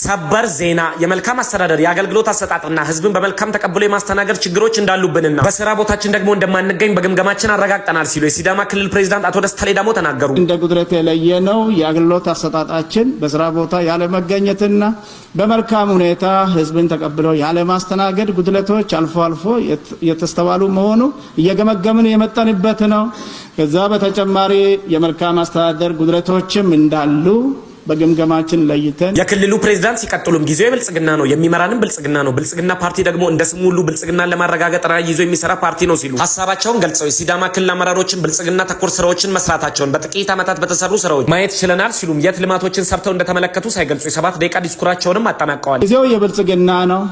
ሰበር ዜና የመልካም አስተዳደር የአገልግሎት አሰጣጥና ህዝብን በመልካም ተቀብሎ የማስተናገድ ችግሮች እንዳሉብንና በስራ ቦታችን ደግሞ እንደማንገኝ በግምገማችን አረጋግጠናል ሲሉ የሲዳማ ክልል ፕሬዚዳንት አቶ ደስታ ሌዳሞ ተናገሩ። እንደ ጉድለት የለየ ነው የአገልግሎት አሰጣጣችን በስራ ቦታ ያለመገኘትና በመልካም ሁኔታ ህዝብን ተቀብሎ ያለማስተናገድ ጉድለቶች አልፎ አልፎ የተስተዋሉ መሆኑ እየገመገምን የመጠንበት ነው። ከዛ በተጨማሪ የመልካም አስተዳደር ጉድለቶችም እንዳሉ በግምገማችን ለይተን የክልሉ ፕሬዚዳንት ሲቀጥሉም ጊዜው የብልጽግና ነው፣ የሚመራንም ብልጽግና ነው። ብልጽግና ፓርቲ ደግሞ እንደ ስሙ ሁሉ ብልጽግናን ለማረጋገጥ ራዕይ ይዞ የሚሰራ ፓርቲ ነው ሲሉ ሀሳባቸውን ገልጸው የሲዳማ ክልል አመራሮችን ብልጽግና ተኮር ስራዎችን መስራታቸውን በጥቂት ዓመታት በተሰሩ ስራዎች ማየት ችለናል ሲሉም የት ልማቶችን ሰርተው እንደተመለከቱ ሳይገልጹ የሰባት ደቂቃ ዲስኩራቸውንም አጠናቀዋል። ጊዜው የብልጽግና ነው፣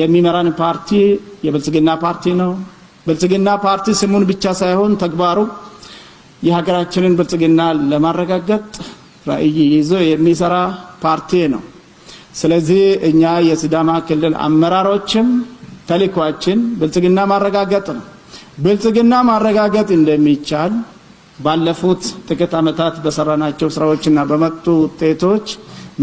የሚመራን ፓርቲ የብልጽግና ፓርቲ ነው። ብልጽግና ፓርቲ ስሙን ብቻ ሳይሆን ተግባሩ የሀገራችንን ብልጽግና ለማረጋገጥ ራዕይ ይዞ የሚሰራ ፓርቲ ነው። ስለዚህ እኛ የሲዳማ ክልል አመራሮችም ተልኳችን ብልጽግና ማረጋገጥ ነው። ብልጽግና ማረጋገጥ እንደሚቻል ባለፉት ጥቂት ዓመታት በሰራናቸው ስራዎችና በመጡ ውጤቶች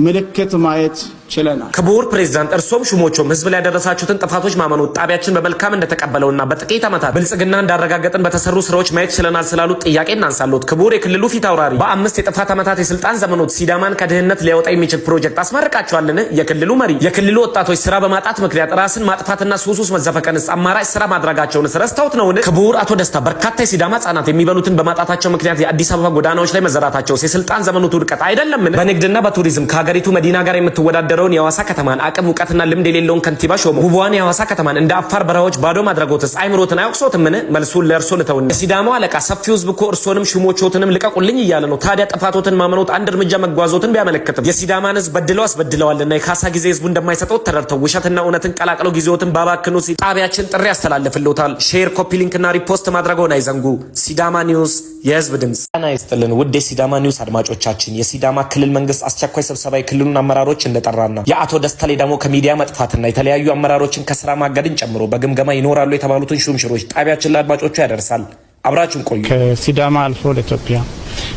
ምልክት ማየት ችለናል። ክቡር ፕሬዚዳንት እርሶም ሹሞቹም ህዝብ ላይ ያደረሳችሁትን ጥፋቶች ማመኑ ጣቢያችን በመልካም እንደተቀበለውና በጥቂት ዓመታት ብልጽግና እንዳረጋገጥን በተሰሩ ስራዎች ማየት ችለናል ስላሉት ጥያቄ እናንሳሉት። ክቡር የክልሉ ፊት አውራሪ በአምስት የጥፋት ዓመታት የስልጣን ዘመኖት ሲዳማን ከድህነት ሊያወጣ የሚችል ፕሮጀክት አስመርቃችኋልን? የክልሉ መሪ የክልሉ ወጣቶች ስራ በማጣት ምክንያት ራስን ማጥፋትና ሱሱስ መዘፈቀንስ አማራጭ ስራ ማድረጋቸውንስ ረስተውት ነውን? ክቡር አቶ ደስታ በርካታ የሲዳማ ህጻናት የሚበሉትን በማጣታቸው ምክንያት የአዲስ አበባ ጎዳናዎች ላይ መዘራታቸውስ የስልጣን ዘመኖት ውድቀት አይደለምን? በንግድና በቱሪዝም ከሀገሪቱ መዲና ጋር የምትወዳደረው የነበረውን የሐዋሳ ከተማን አቅም እውቀትና ልምድ የሌለውን ከንቲባ ሾሙ። ውቧን የሐዋሳ ከተማን እንደ አፋር በረሃዎች ባዶ ማድረጎትስ አይምሮትን አያውቅሶትምን? መልሱን ለእርሶ ልተውን። የሲዳማ አለቃ ሰፊው ህዝብ እኮ እርሶንም ሹሞቾትንም ልቀቁልኝ እያለ ነው። ታዲያ ጥፋቶትን ማመኖት አንድ እርምጃ መጓዞትን ቢያመለክትም የሲዳማን ህዝብ በድለው አስበድለዋልና የካሳ ጊዜ ህዝቡ እንደማይሰጠው ተረድተው ውሸትና እውነትን ቀላቅለው ጊዜዎትን ባባክኑ ሲል ጣቢያችን ጥሪ ያስተላልፍልዎታል። ሼር፣ ኮፒ ሊንክና ሪፖስት ማድረገውን አይዘንጉ። ሲዳማ ኒውስ የህዝብ ድምፅ ና ይስጥልን። ውድ የሲዳማ ኒውስ አድማጮቻችን የሲዳማ ክልል መንግስት አስቸኳይ ስብሰባ የክልሉን አመራሮች እንደጠራ ነው ማቋቋም ነው። የአቶ ደስታሌ ደግሞ ከሚዲያ መጥፋትና የተለያዩ አመራሮችን ከስራ ማገድን ጨምሮ በግምገማ ይኖራሉ የተባሉትን ሹምሽሮች ጣቢያችን ለአድማጮቹ ያደርሳል። አብራችን ቆዩ። ከሲዳማ አልፎ ለኢትዮጵያ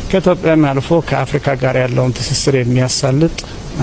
ከኢትዮጵያም አልፎ ከአፍሪካ ጋር ያለውን ትስስር የሚያሳልጥ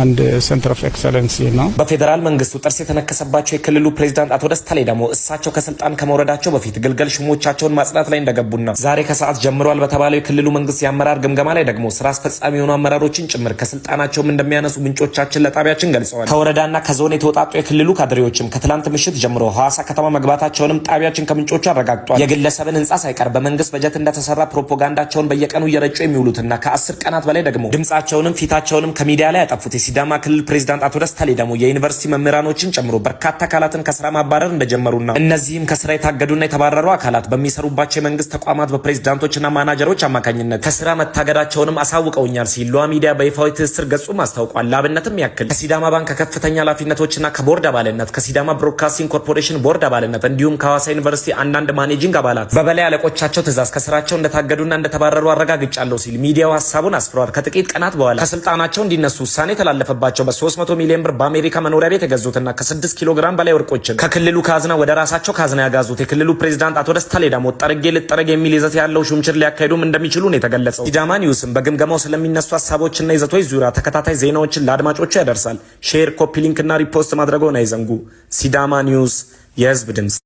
አንድ ሴንተር ኦፍ ኤክሰለንስ ነው። በፌዴራል መንግስቱ ጥርስ የተነከሰባቸው የክልሉ ፕሬዚዳንት አቶ ደስታ ሌዳሞ እሳቸው ከስልጣን ከመውረዳቸው በፊት ግልገል ሽሞቻቸውን ማጽዳት ላይ እንደገቡና ዛሬ ከሰዓት ጀምሯል በተባለው የክልሉ መንግስት የአመራር ግምገማ ላይ ደግሞ ስራ አስፈጻሚ የሆኑ አመራሮችን ጭምር ከስልጣናቸውም እንደሚያነሱ ምንጮቻችን ለጣቢያችን ገልጸዋል። ከወረዳና ከዞን የተወጣጡ የክልሉ ካድሬዎችም ከትላንት ምሽት ጀምሮ ሐዋሳ ከተማ መግባታቸውንም ጣቢያችን ከምንጮቹ አረጋግጧል። የግለሰብን ህንጻ ሳይቀር በመንግስት በጀት እንደተሰራ ፕሮፓጋንዳቸውን በየቀኑ እየረጩ የሚውሉትና ከአስር ቀናት በላይ ደግሞ ድምጻቸውንም ፊታቸውንም ከሚዲያ ላይ ያጠፉት የሲዳማ ክልል ፕሬዚዳንት አቶ ደስታ ሌዳሞ የዩኒቨርሲቲ መምህራኖችን ጨምሮ በርካታ አካላትን ከስራ ማባረር እንደጀመሩና እነዚህም ከስራ የታገዱና የተባረሩ አካላት በሚሰሩባቸው የመንግስት ተቋማት በፕሬዚዳንቶችና ማናጀሮች አማካኝነት ከስራ መታገዳቸውንም አሳውቀውኛል ሲል ሉዋ ሚዲያ በይፋዊ ትስስር ገጹም አስታውቋል። ለአብነትም ያክል ከሲዳማ ባንክ ከከፍተኛ ኃላፊነቶችና ከቦርድ አባልነት፣ ከሲዳማ ብሮድካስቲንግ ኮርፖሬሽን ቦርድ አባልነት እንዲሁም ከሐዋሳ ዩኒቨርሲቲ አንዳንድ ማኔጂንግ አባላት በበላይ አለቆቻቸው ትእዛዝ ከስራቸው እንደታገዱና እንደተባረሩ አረጋግጫለሁ ሲል ሚዲያው ሀሳቡን አስፍሯል። ከጥቂት ቀናት በኋላ ከስልጣናቸው እንዲነሱ ውሳኔ ተላ ባለፈባቸው በ300 ሚሊዮን ብር በአሜሪካ መኖሪያ ቤት የገዙትና ከ6 ኪሎ ግራም በላይ ወርቆችን ከክልሉ ካዝና ወደ ራሳቸው ካዝና ያጋዙት የክልሉ ፕሬዚዳንት አቶ ደስታ ሌዳሞ ጠረጌ ልጠረግ የሚል ይዘት ያለው ሹምሽር ሊያካሂዱም እንደሚችሉ ነው የተገለጸው። ሲዳማ ኒውስም በግምገማው ስለሚነሱ ሀሳቦችና ይዘቶች ዙሪያ ተከታታይ ዜናዎችን ለአድማጮቹ ያደርሳል። ሼር፣ ኮፒ ሊንክና ሪፖስት ማድረገውን አይዘንጉ። ሲዳማ ኒውስ የህዝብ ድምጽ